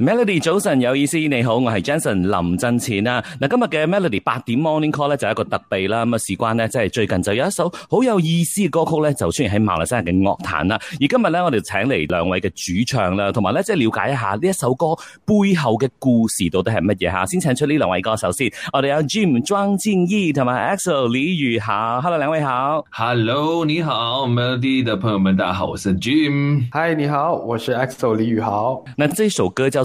Melody 早晨有意思，你好，我係 Johnson 林振前啊。嗱，今日嘅 Melody 八點 Morning Call 咧就係一個特備啦。咁啊，事關咧即係最近就有一首好有意思嘅歌曲咧，就出現喺馬來西亞嘅樂壇啦。而今日咧，我哋請嚟兩位嘅主唱啦，同埋咧即係了解一下呢一首歌背後嘅故事到底係乜嘢吓。先請出呢兩位歌手先。我哋有 Jim 莊敬義同埋 Axel 李宇豪。Hello 兩位好。Hello 你好，Melody 的朋友們大家好，我是 Jim。Hi 你好，我是 Axel 李宇豪。那這首歌叫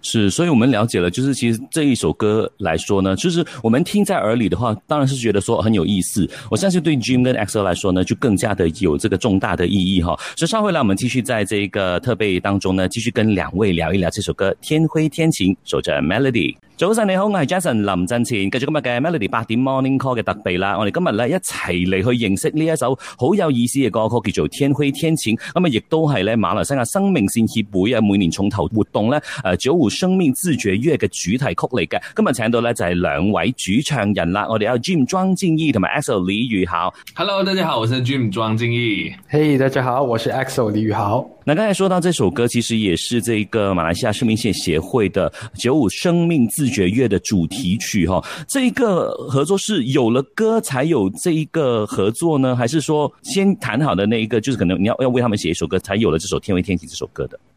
是，所以我們了解了，就是其實這一首歌來說呢，就是我們聽在耳裏的話，當然是覺得說很有意思。我相信對 Dream 跟 Excel 來說呢，就更加的有這個重大的意義哈。所以上回呢，我們繼續在這個特備當中呢，繼續跟兩位聊一聊這首歌《天灰天晴》，守着 Melody。早晨你好，我係 Jason 林振前，繼續今日嘅 Melody 八點 Morning Call 嘅特備啦。我哋今日呢，一齊嚟去認識呢一首好有意思嘅歌曲，叫做《天灰天晴》。咁啊，亦都係呢馬來西亞生，生命線協會啊，每年重頭活動呢。《九五生命自覺月的主題曲嚟嘅，根本才能咧來載兩位主唱人啦。我哋有 Jim 莊敬義同埋 Axel 李宇豪。Hello，大家好，我是 Jim 莊敬義。Hey，大家好，我是 Axel 李宇豪。那剛才說到這首歌，其實也是這個馬來西亞生命線協會的《九五生命自覺月的主題曲哦。哈，這一個合作是有了歌才有這一個合作呢，還是說先談好的那一個，就是可能你要要為他們寫一首歌，才有了這首《天灰天晴》這首歌的？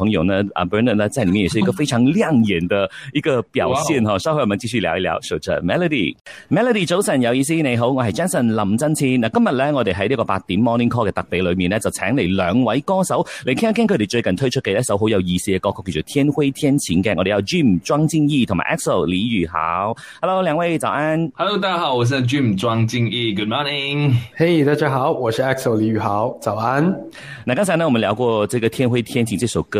朋友呢，阿 Bernard 呢，在裏面也是一個非常亮眼的一個表現哈。Wow 稍後我們繼續聊一聊。守着 Melody，Melody Mel 早晨有意思。你好，我是 Jansen 林真翅。那今日呢，我哋喺呢個八點 Morning Call 嘅特地裏面呢，就請嚟兩位歌手嚟傾一傾，佢哋最近推出嘅一首好有意思嘅歌曲，叫做《天灰天晴》嘅。我哋有 Jim 莊敬義同埋 Axel 李宇豪。Hello，兩位早安。Hello，大家好，我是 Jim 莊敬義。Good morning。Hey，大家好，我是 Axel 李宇豪。早安。那剛才呢，我們聊過這個《天灰天晴》這首歌。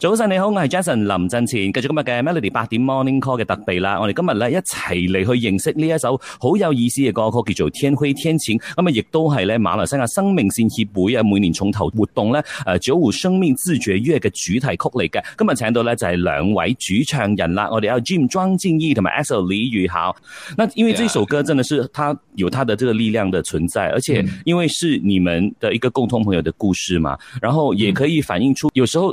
早晨，你好，我係 Jason 林振前，繼續今日嘅 Melody 八點 Morning Call 嘅特備啦。我哋今日咧一齊嚟去認識呢一首好有意思嘅歌曲，叫做《天灰天晴》。咁、嗯、啊，亦都係咧馬來西亞生命線協會啊，每年重頭活動咧誒、呃，九五生命自覺月嘅主題曲嚟嘅。今日請到咧就係、是、兩位主唱人啦，我哋有 Jim 莊敬義同埋 Asel 李宇豪。那因為呢首歌，真的是佢有佢嘅呢個力量的存在，而且因為是你們嘅一個共同朋友嘅故事嘛，然後也可以反映出、嗯、有時候。